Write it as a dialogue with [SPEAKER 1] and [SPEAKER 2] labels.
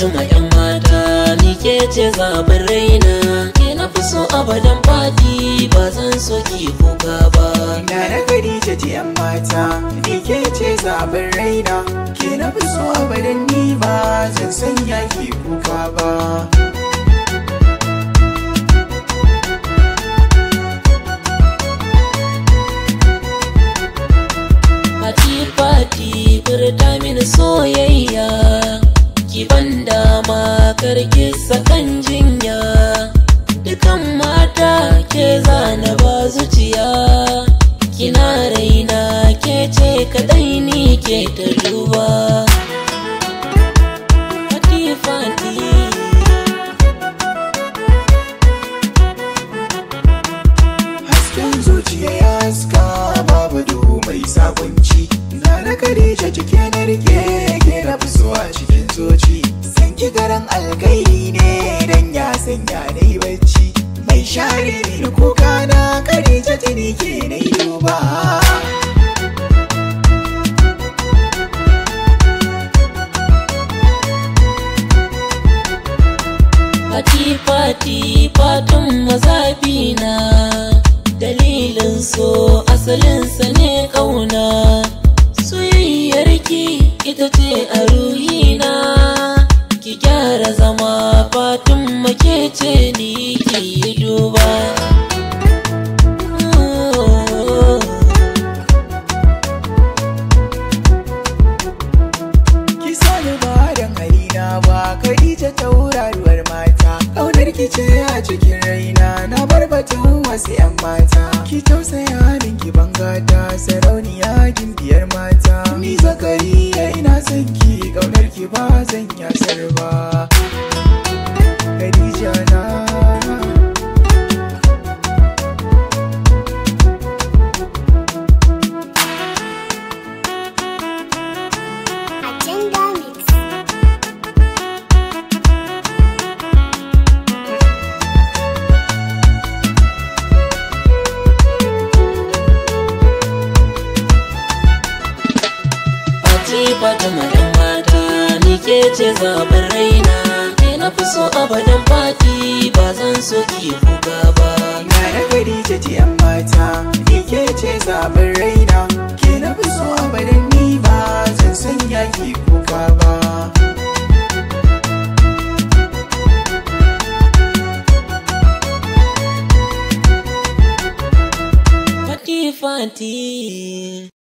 [SPEAKER 1] tuna yan mata ni ke ce zaɓin raina ke na fi so abadan fadi ba zan so ki kuka ba na na khadija ce yan mata ni ke
[SPEAKER 2] ce zaɓin raina ke na fi so abadan ni ba zan sanya ki kuka ba
[SPEAKER 1] time in furta mini soyayya karki sakan jinya dukan mata ke zana ba zuciya kina raina ke ce kadai ni ke ta duba
[SPEAKER 2] Hasken zuciya ya haska babu duhu mai sabunci, zana kare cikin ki garan alkairi ne dan ya sanya dai bacci mai share ni kuka na kare ta ne ke na duba
[SPEAKER 1] Fati fati fatan mazafi na dalilin so asalin ne
[SPEAKER 2] Khadija ta wuraruwar mata Ƙaunar ki ce a cikin raina na bar batun wasu 'yan mata Ki tausaya min ki bangata sarauniya gimbiyar mata Ni zakariya ina
[SPEAKER 1] fatima dan mata ni ke ce zaɓin raina ke na fi so abadan fati ba zan so ki buga ba na ya gari
[SPEAKER 2] ce ce yan mata ni ke ce zaɓin raina ke na fi so abadan ni ba zan sanya ki buga ba
[SPEAKER 1] Fati Fati